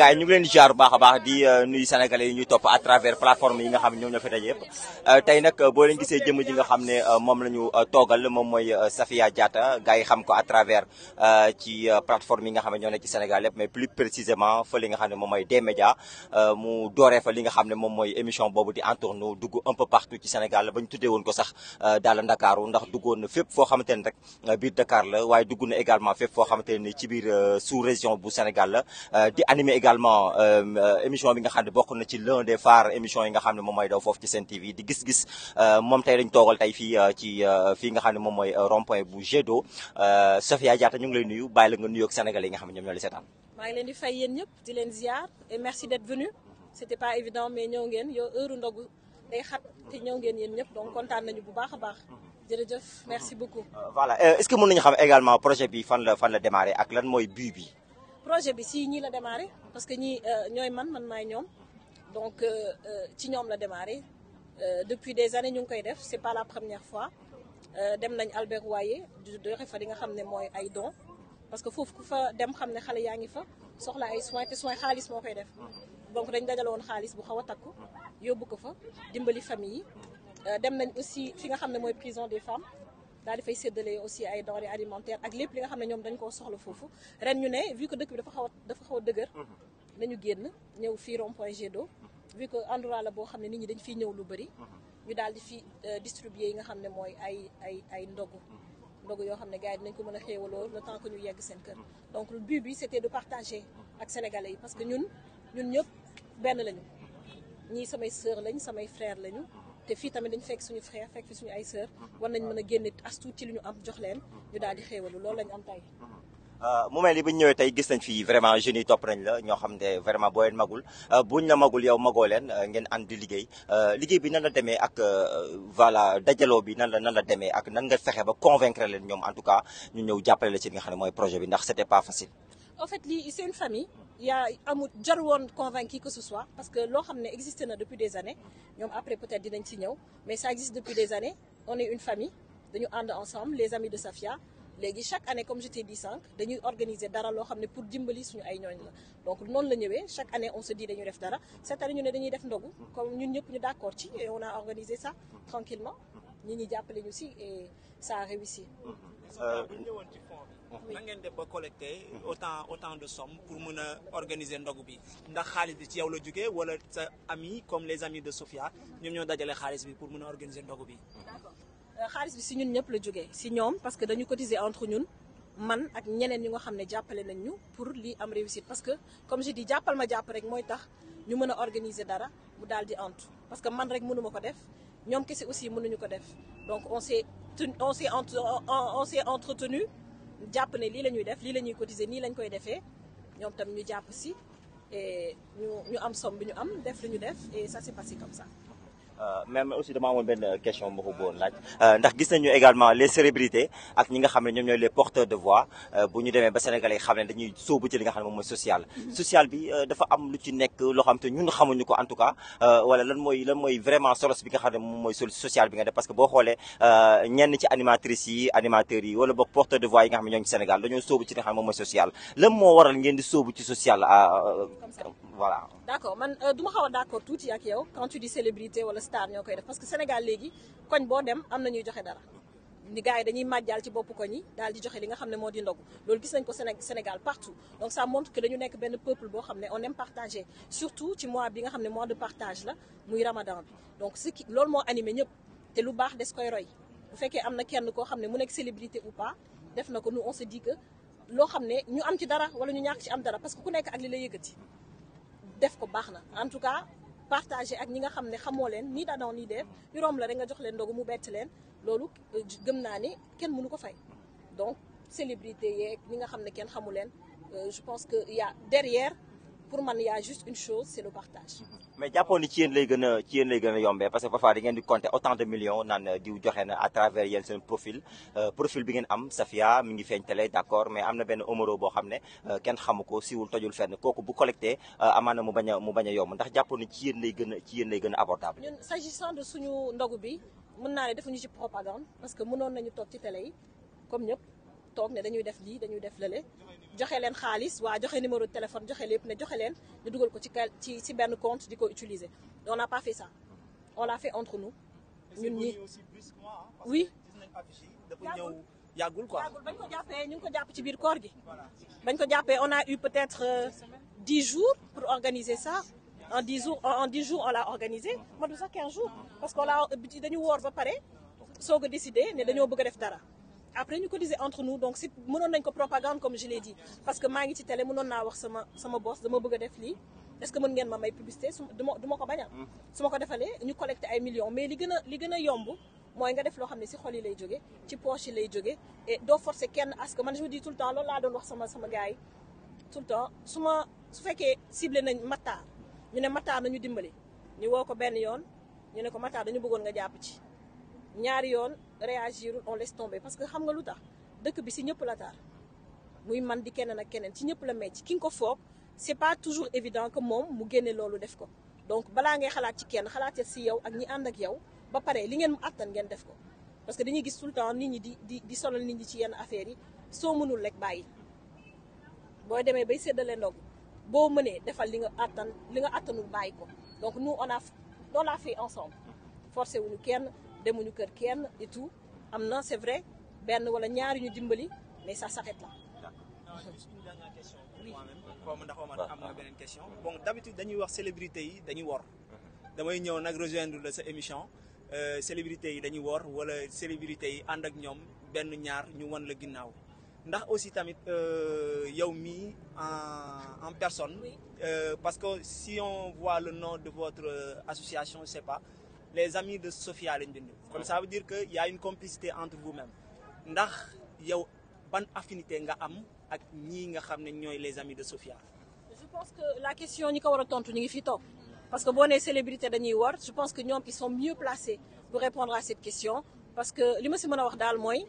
gars yi ñu ngi leen di ziar bu baax a baax di euh, nuyu sénégalais yi ñuy topp à travers plateforme yi nga xam ne ñoom ñoo fi euh, tey nag euh, boo leen gisee jëmm ji nga xam ne moom la ñu toogal moom mooy Safia Diatta gars yi xam ko à travers ci plateforme yi nga xam ne ñoo ne ci Sénégal yëpp mais plus précisément fa li nga xam ne moom mooy D-Média mu dooree li nga xam ne moom mooy émission boobu di entourne dugg un peu partout ci Sénégal ba ñu tuddee woon ko sax daal Ndakaaru ndax duggoon na fépp foo xamante ne rek biir Dakar la waaye dugg na également fépp foo xamante ne ci biir sous région bu Sénégal la di animer également euh, euh, émission bi nga xam ne bokk na ci l'un des phares émission yi nga xam ne moom mooy daw foofu ci Sen TV di gis-gis euh, moom tey dañ toogal tey fii nga xam ne moom mooy rond bu Jet d'eau Sofia Diatta ñu ngi lay nuyu la nga nuyoog Sénégalais yi nga xam ne ñoom ñoo la seetaan maa ngi leen di fay yéen ñëpp di leen ziar et merci d'être venu pas évident mais ñëw ngeen yow heure ndogu day xat te ñëw ngeen yéen ñëpp donc kontaan nañu bu baax a baax jërëjëf merci beaucoup projet bi si ñii la démarré parce que ñii euh, ñooy man man maay ñoom donc euh, euh, ci ñoom la démarré depuis des années ñu ngi koy def c'est pas la première fois dem nañ Albert Royer doxe fa di nga xam ne mooy ay don parce que foofu ku fa dem xam ne xale yaa ngi fa soxla ay soins te soins xaalis moo koy def donc dañ dajaloon xaalis bu xaw a takku yóbbu ko fa dimbali famille yi dem nañ aussi fi nga xam ne mooy prison des femmes daal di fay aussi ay denrées alimentaires ak lépp li nga xam ne ñoom dañ koo soxla foofu ren ñu ne vu que dëkk bi dafa xaw a dafa a dëgër mhm. nañu génn ñëw fii rond point Jet d'eau mhm. vu boo xam ne nit ñi dañ fiy ñëw lu bëri mhm. ñu daal di fi euh, distribuer yi nga xam ne mooy ay ay ay ndogu ndogu yoo xam ne gars yi dinañ ko mën a xéewaloo le temps que ñu yegg seen kër donc le but bi c'était de partager ak sénégalais yi parce que ñun ñun ñëpp benn lañu ñii samay sœur lañ samay frère lañu te fii tamit dañu fekk suñu frère fekk fi suñu ay sœur war nañ mën a génne as tuut ci li ñu am jox leen ñu daal di xéewalu loolu lañu am tey mm-hmm. euh, mu mel ni ñu ñëwee tey gis nañ fii vraiment jeunes yi topp nañ la ñoo xam ne vraiment boo leen magul euh, buñ la magul yow magoo leen euh, ngeen ànd di liggéey liggéey bi nan la demee ak voilà dajaloo bi nan la nan la demee ak nan nga fexe ba convaincre leen ñoom en tout cas ñu ñëw jàppale la ci li nga xam ne mooy projet bi ndax c'était pas facile en fait lii seen famille yaa amul jaru woon convaincu que ce soit parce que loo xam ne existé na depuis des années ñoom après peut-être dinañ ci ñëw mais ça existe depuis des années on est une famille dañu ànd ensemble les amis de Safia léegi chaque année comme je t'ai dit sànq dañuy organiser dara loo xam ne pour dimbali suñu ay ñooñ la donc noonu la ñëwee chaque année on se dit dañuy def dara cette année ñu ne dañuy def ndogu comme ñun ñëpp ñu d'accord ci et on a organisé ñu si et ça a na ngeen def ba collecté autant autant de somme pour mun a organiser ndogu bi ndax xaalis bi ci yow la jógee wala sa ami comme les amis de Sofia ñoom ñoo dajale xaalis bi pour mën a organiser ndogu bi euh, xaalis bi si ñun ñëpp la jógee si ñoom parce que dañu cotiser entre ñun man ak ñeneen ñi nga xam ne jàppale nañ ñu pour li am réussite parce que comme je di jàppal ma jàpp rek mooy tax ñu mën a organiser dara mu daal di antu parce que man rek mënuma ko def ñoom kese aussi mënuñu ko def donc on s'est on s'est on s'est entretenu jàpp ne lii la ñuy def lii la ñuy cotiser nii lañ koy defee ñoom tam ñu jàpp si et ñu ñu am somme bi ñu am def li ñu def et ça s'est passé comme ça Euh, même aussi dama amoon benn question ma ko bëggoon euh, ndax gis nañu également les célébrités ak ñi nga xam ne ñoom ñooy les porteurs de voix euh, bu ñu demee ba Sénégalais yi xam ne dañuy sóobu ci li nga xam ne moom mooy social. Mm-hmm. social bi dafa am lu ci nekk loo xam te ñun xamuñu ko en tout cas wala lan mooy lan mooy vraiment solo bi nga xam ne moom mooy social bi nga def parce que boo xoolee ñenn ci yi animateurs yi wala boog porteurs de voix yi nga xam ne ñoo ngi Sénégal dañoo sóobu xam ne moom mooy social lan moo waral ngeen di sóobu ci social. voilà. d' man euh, du ma xaw a tuuti ak yow quand tu dis célébrité wala star ñoo koy def parce que Sénégal léegi koñ boo dem am na ñuy joxe dara. ni yi dañuy màjjal ci bopp ko ñi daal di joxe li nga xam ne moo di ndogu loolu gis nañ ko Sénégal partout donc ça montre que dañu nekk benn peuple boo xam ne on aime partager surtout ci mois bi nga xam ne mois de partage la muy ramadan bi donc ce qui loolu moo animé ñëpp te lu baax des koy roy bu fekkee am na kenn koo xam ne mu nekk célébrité ou pas def na ko nous loo xam ne ñu am ci dara wala ñu ñàkk ci am dara parce que ku nekk ak li la yëkkati def ko baax na en tout cas partagé ak ñi nga xam ne xamoo leen nii da doon nii def ñu romb la rek nga jox leen ndogu mu bett leen loolu euh, gëm naa ni kenn mënu ko fay donc célébrité yeeg ñi nga xam ne kenn xamu leen euh, je pense que y a derrière pour man y' a juste une chose c' est partage. mais jàppoon ci yéen lay gën a ci yéen a yombee parce que parfois da ngeen di compter autant de millions naan euh, diw joxe na à travers yéen seen profil euh, profil bi ngeen am Safia mi ngi feeñ télé d' accord mais am na benn omoro boo xam ne euh, kenn xamu ko siwul tojul fenn kooku bu collecté amaana mu bañ a a yomb ndax jàppoon ni ci yéen lay gën a ci yéen lay gën a abordable. ñun s'agissant de suñu ndogu bi mën naa ne defuñu ci propagande parce que mënoon nañu toog ci télé yi comme toog ne dañuy def lii dañuy def lële joxe leen xaalis waa joxe numéro de téléphone joxe lépp ne joxe leen ñu dugal ko ci ci ci benn compte di ko utiliser on n'a pas fait ça on l'a fait entre nous ñun ñi oui yàggul quoi bañ ko jàppee ñu ngi ko jàpp ci biir koor gi bañ ko jàppee on a eu peut-être euh, dix jours pour organiser ça en dix jours en dix jours on l'a organisé ma du sax quinze jours parce que on l'a dañu woor ba pare soog a décidé ne dañoo bëgg a def dara après ñu cotiser entre nous donc si mënoon nañ ko propagande comme je l'ai dit parce que maa ngi ci télé mënoon naa wax sama sama dama bëgg a def lii est que mën ngeen ma may publicité su ma du ma ko bañal mm. su ma ko defalee ñu collecté ay millions mais li gën a li gën a yomb mooy nga def loo xam ne si xol yi lay jóge ci poche yi lay jóge et doo forcer kenn parce que man je me dis tout le temps loolu laa su ma su fekkee ciblé nañ Matar ñu ne Matar nañu dimbali ñu woo ko benn yoon ñu ne ko Matar dañu bëggoon jàpp ci ñaari yoon réagirul on laisse tomber parce que xam nga lu tax dëkk bi si ñëpp la taar muy man di keneen ak keneen ci ñëpp la metti ki nga ko foog c'est pas toujours évident que moom mu génne loolu def ko donc balaa ngay xalaat ci kenn xalaatal si yow ak ñi ànd ak yow ba pare li ngeen mu àttan ngeen def ko parce que dañuy gis tout le nit ñi di di di solal nit ñi ci yenn affaires yi soo mënul rek bàyyi boo demee bay séddale ndog boo mënee defal li nga àttan li nga àttanul bàyyi ko donc a on l'a fait ensemble forcé wuñu kenn demuñu kër kenn et am na c'est vrai benn wala ñaari ñu dimbali mais ça s'arrête là. comme ndax beneen question bon d'habitude dañuy wax célébrité yi dañuy wor damay ñëw nag rejoindre la sa émission euh, célébrité yi dañuy woor wala célébrité yi ànd ak ñoom benn ñaar ñu wan la ginnaaw ndax aussi tamit euh, yow mii en en personne oui. Euh, parce que si on voit le nom de votre association c'est pas les amis de Sofia lañ bind. kon ça veut dire que y a une complicité entre vous-même ndax yow ban affinité nga am ak ñii nga xam ne ñooy les amis de Sofia. je pense que la question ñi ko war a tontu ñu ngi fi toog parce que boo nee célébrité dañuy war je pense que ñoom ils sont mieux placés pour répondre à cette question parce que li ma si mën a wax daal mooy.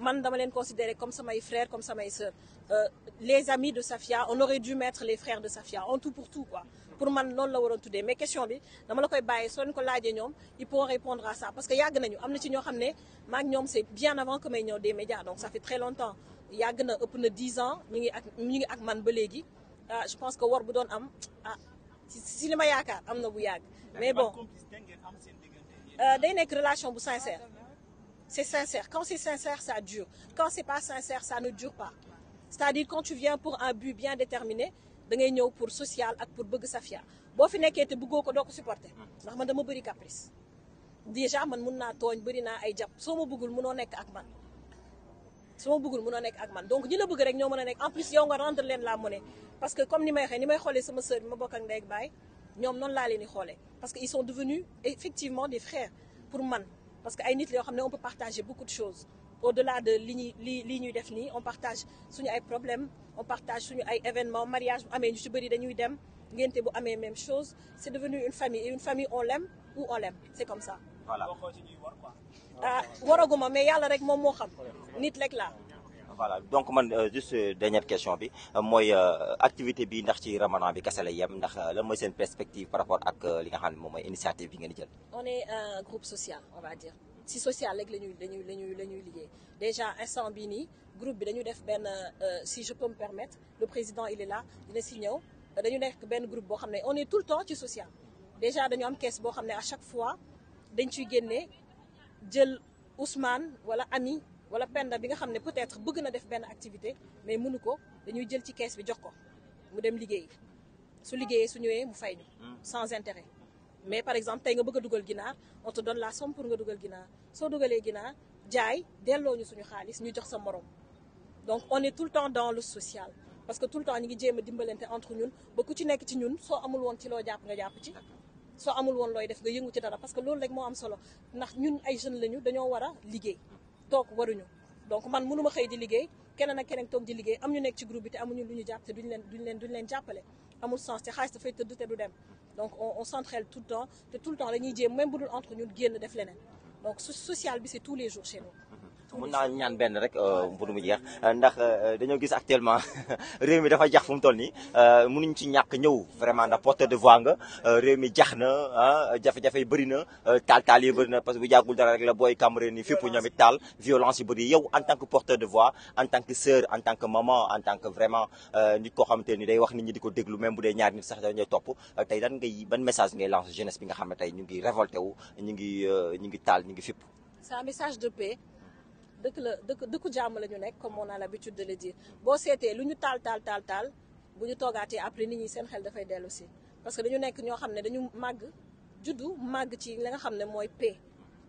man dama leen considérer comme samay frères comme samay sœurs euh, les amis de Safia on aurait dû mettre les frères de Safia en tout pour tout quoi pour man loolu la waroon tuddee mais question bi dama la koy bàyyi soo leen ko laajee ñoom ils pourront répondre à ça parce que yàgg nañu am na ci ñoo xam ne maa ngi ñoom c'est bien avant que may ñëw des médias donc ça fait très longtemps yàgg na ëpp na 10 ans ñu ngi ak ñu ak man ba léegi ah je pense que war bu doon am ah si li ma yaakaar am na bu yàgg mais bon euh, day nekk relation bu sincère c'est sincère. Quand c'est sincère, ça dure. Quand c'est pas sincère, ça ne dure pas. C'est-à-dire quand tu viens pour un but bien déterminé, da ngay ñëw pour social ak pour bëgg Safia boo fi nekkee te bëggoo ko doo ko supporter ndax man dama bëri caprice déjà man mun naa tooñ bëri naa ay jàpp soo ma bëggul munoo nekk ak man soo ma bëggul munoo nekk ak man donc ñi la bëgg rek ñoo mën a nekk en plus yow nga rendre leen la monnaie parce que comme ni may waxee ni may xoolee sama sœur bi ma bokk ak ndey ak baay ñoom noonu laa leen di xoolee parce que ils sont devenus effectivement des frères pour man parce que ay nit la yoo xam ne on peut partager beaucoup de choses au-delà de li ñuy lii ñuy def ni on partage ñu ay problèmes on partage suñu ay événements mariage bu amee ñu ci bëri dañuy dem ngénte bu amee même chose c'est devenu une famille une famille on l'aime ou on l'aime c'est comme ça ah, waraguma mais yàlla rek moom moo xam nit rek laa voilà donc man euh, juste euh, dernière question bi euh, mooy activité bi ndax ci ramadan bi kese la yem ndax lan mooy seen perspective par rapport ak li nga xam ne mooy initiative bi ngeen di jël. on est un groupe social on va dire si social rek la ñuy la la ñuy la liggéey déjà instant bii nii groupe bi dañu def benn si je peux me permettre le président il est là si ñëw dañu nekk benn groupe boo xam ne on est tout le temps ci social. déjà dañu am caisse boo xam ne à chaque fois dañ ciy génne jël Ousmane wala Ami. wala Penda bi nga xam ne peut-être bëgg na def benn activité mais mënu ko dañuy jël ci kees bi jox ko mu dem liggéey su liggéeyee su ñëwee mu fay ñu. sans intérêt mais par exemple tey nga bëgg a dugal ginaar on te la some pour nga dugal ginaar soo dugalee ginaar jaay delloo ñu suñu xaalis ñu jox sa morom donc on est tout le temps dans le social. parce que tout le temps ñu ngi jéema a dimbalante entre ñun ba ku ci nekk ci ñun soo amul woon ci loo jàpp nga jàpp ci soo amul woon looy def nga yëngu ci dara parce que loolu rek moo am solo ndax ñun ay jeunes lañu dañoo war a liggéey. donc waruñu donc man mënuma xëy di liggéey keneen ak keneen toog di liggéey am ñu nekk ci groupe bi te amuñu lu ñu jàpp te duñ leen duñ leen duñ leen jàppale amul sens te xaalis dafay tëdd te du dem donc on on tout le temps te tout le temps dañuy jéem même bu dul entre ñun génn def leneen donc social bi c'est tous les jours chez mën naa ñaan benn rek mburu euh, mu jeex ndax euh, dañoo gis actuellement réew mi dafa jax fu mu toll nii euh, mënuñ ci ñàkk ñëw vraiment ndax porteur de voix nga réew mi jax na ah jafe-jafe yi bëri na taal taal yi bëri na parce que bu jàggul dara rek la booy Cameroun yi fépp ñoom it taal violence yi bëri yow en tant que porteur de voix en tant que sœur en tant que maman en tant que vraiment nit koo xamante ni day wax nit ñi di ko déglu même bu dee ñaari nit sax dañuy topp tey message ngay lancer jeunesse nga xam ne tey ñu ngi révolté wu ngi ñu ngi taal ngi fépp c'est un message dëkk la dëkk dëkk jàmm la ñu nekk comme on a l'habitude de le dire boo seetee lu ñu taal taal taal taal bu ñu toogaatee après nit ñi seen xel dafay dellusi si parce que dañu nekk ñoo xam ne dañu màgg juddu màgg ci li nga xam ne mooy paix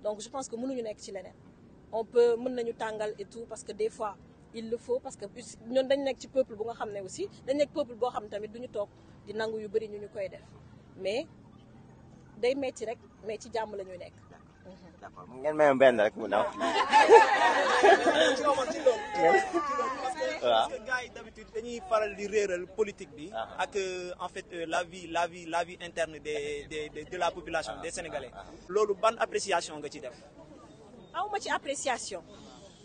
donc je pense que mënuñu nekk ci leneen on peut mën nañu tàngal et tout parce que des fois il le faut parce que ñun dañ nekk ci peuple bu nga xam ne aussi dañ nekk peuple boo xam tamit duñu toog di nangu yu bëri ñu ñu koy def mais day metti rek mais ci jàmm la ñuy nekk d'accord mu ngeen mayoon benn rek mu ndaw. parce que gars yi d'habitude dañuy faral di réeral politique bi. Uh-huh. ak euh, en fait euh, la vie la vie la vie interne des des de la population des uh-huh. Sénégalais. Uh-huh. loolu ban appréciation nga ci def. awma ci appréciation.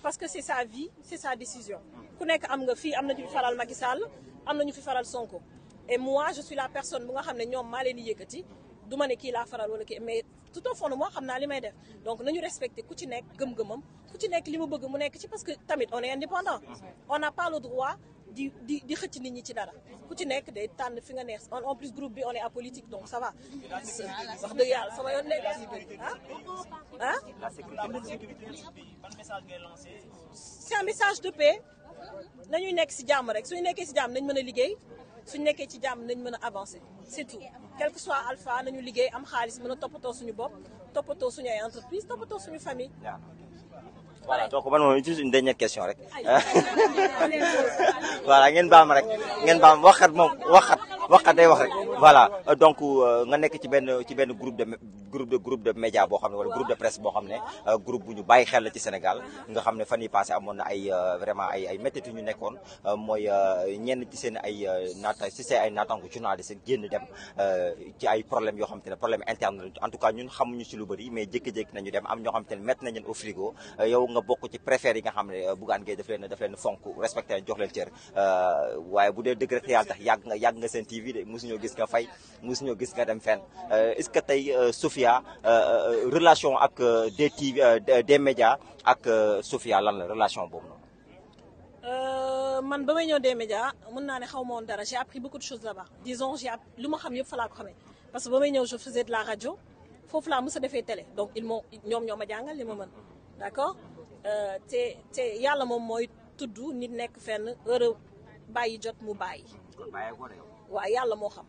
parce que c'est sa vie c'est sa décision. ku nekk am nga fii am na ñu fi faral Macky Sall am na ñu fi faral Sonko. et moi je suis la personne bu nga xam ne ñoom maa leen di yëkkati. du ma ne kii laa faral wala kii mais tout au fond moo xam naa li may def donc nañu respecté ku ci nekk gëm-gëmam ku ci nekk li mu bëgg mu nekk ci parce que tamit on est indépendant on n'a pas le droit di di di xëcc nit ñi ci dara ku ci nekk day tànn fi nga neex en plus groupe bi on est apolitique donc ça va wax dëgg yàlla sama yoon nekk ah c'est un message de paix nañuy nekk si jàmm rek suñu nekkee si jàmm nañ mën a liggéey suñ nekkee ci jàmm nañ mën a avancer c'est tout quel que soit alpha nañu liggéey am xaalis mën a toppatoo suñu bopp toppatoo suñu ay entreprise toppatoo suñu famille voilà donc man moom juste une dernière question rek voilà ngeen baam rek ngeen baam waxat moom waxat waxat day wax rek voilà donc euh, nga nekk ci benn ci benn groupe de groupe de groupe de média boo xam ne wala groupe de presse boo xam ne euh, groupe bu ñu bàyyi xel la ci Sénégal nga xam ne fan yi passé amoon na ay euh, vraiment ay ay ñu nekkoon euh, mooy ñenn ci seen ay naata ci seen ay naataango ci ay problème am ñoo xam te ne mettre nañ au frigo yow nga bokk ci préfet yi nga xam ne Bougane Gueye daf leen fonk respecté jox nga dem fenn est-ce Sophie Sofia euh, euh, relation ak euh, DTV des médias ak Sofia lan la relation boobu noonu. man ba may ñëw des média mën naa ne xaw ma woon dara j'ai appris beaucoup de choses là-bas disons j'ai lu ma xam yëpp fa xamee parce que ba may ñëw je faisais de la radio foofu laa mës a defee télé donc ils m'ont ñoom ñoo ma jàngal li ma mën d'accord te yàlla moom mooy tudd nit nekk fenn heure bàyyi jot mu bàyyi. waaw yàlla moo xam.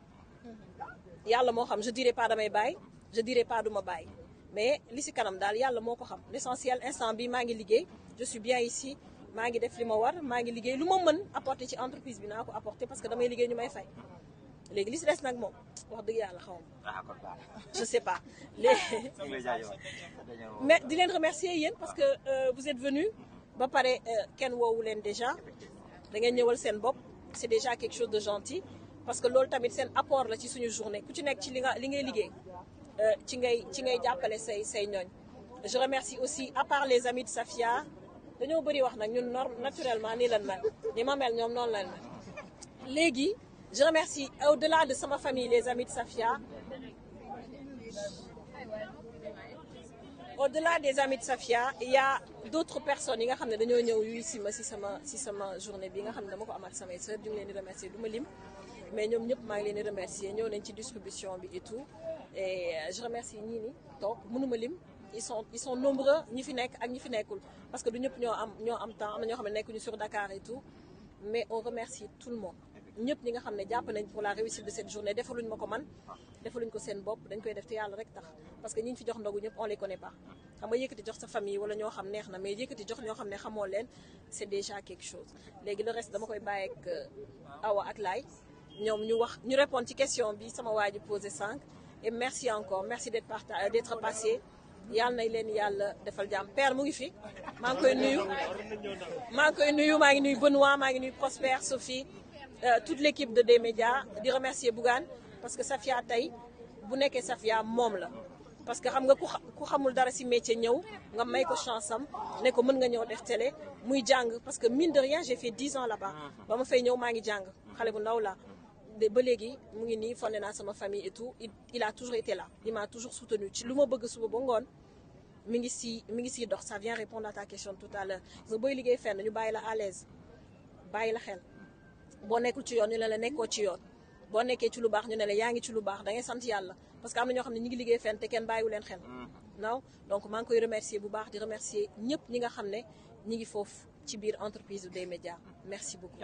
yàlla moo xam je dirais pas damay bàyyi je dirais pas ma bàyyi mais li si kanam daal yàlla moo ko xam l'essentiel instant bi maa ngi liggéey je suis bien ici maa ngi def li ma war maa ngi liggéey lu ma mën apporter ci entreprise bi naa ko apporter parce que damay liggéey ñu may fay léegi li si des nag moom wax dëgg yàlla xaw ma je sais pas léegi mais di leen remercier yéen parce que euh, vous êtes venus ba pare euh, kenn wowu leen déjà da ngeen ñëwal seen bopp c'est déjà quelque chose de gentil parce que loolu tamit seen apport la ci suñu ku ci nekk ci li li ngay liggéey Euh, ci ngay ci ngay jàppale say say ñooñ je remercie aussi à les amis de Safia dañoo bëri wax nag ñun norme naturellement nii lan mel ni ma mel ñoom noonu lan mel léegi je remercie au-delà de sama famille les amis de Safia au-delà de Safia il y a d'autres personnes yi nga xam ne dañoo ñëw yuy si ma si sama si sama journée bi nga xam ne dama ko sama samay sœur ñu ngi leen remercier du ma lim mais ñoom ñëpp maa ngi leen di remercier ñëw nañ ci distribution bi et tout et euh, je remercie ñii ni toog mënuma lim ils son ils sont nombreux ñi fi nekk ak ñi fi nekkul parce que du ñëpp ñoo am ñoo am temps am na ñoo xam ne nekkuñu sur Dakar et tout mais on remercie tout le monde ñëpp ñi nga xam ne jàpp nañ pour la réussite de cette journée defaluñ ma ko man defaluñ ko seen bopp dañ koy def te yàlla rek tax parce que ñi ñu fi jox ndogu ñëpp on les connaît pas xam nga yëkkati jox sa famille ñoo xam neex na mais yëkkati jox ñoo xam ne xamoo leen c'est déjà quelque chose léegi le reste dama koy bàyyi ak euh, Awa ak Laay ñoom ñu wax ñu répondre ci question bi sama ji posé sànq et merci encore merci d'être parta euh, d'être passé yàlla nañ leen yàlla defal jàmm père mu ngi fi maa ngi koy nuyu maa ngi koy nuyu maa ngi nuyu Benoît maa ngi nuyu Prosper Sophie euh, toute l'équipe de D-Média di remercier Bougane parce que Safia tey bu nekke Safia moom la parce que xam nga ku xamul dara si métier ñëw nga may ko chance am ne ko mën nga ñëw def télé muy jàng parce que mine de rien j'ai fait dix ans là ba ma fay ñëw maa ngi jàng xale bu ndaw laa ba léegi mu ngi nii fonde naa sama famille et il a toujours été là il m'a toujours soutenu ci lu ma bëgg suba ba ngoon mi ngi si mi ngi siy dox sa vient répondre à ta question tout à l'heure parce que booy liggéey fenn ñu bàyyi la à l'aise bàyyi la xel boo nekkul ci yoon ñu ne la nekkoo ci yoon boo nekkee ci lu baax ñu ne la yaa ngi ci lu baax da ngay sant yàlla parce que am na ñoo xam ne ñu ngi liggéey fenn te kenn bàyyiwu leen xel mm-hmm. naaw donc maa ngi koy remercier bu baax di remercier ñëpp ñi nga xam ne ñi ngi foofu ci biir entreprise des médias merci beaucoup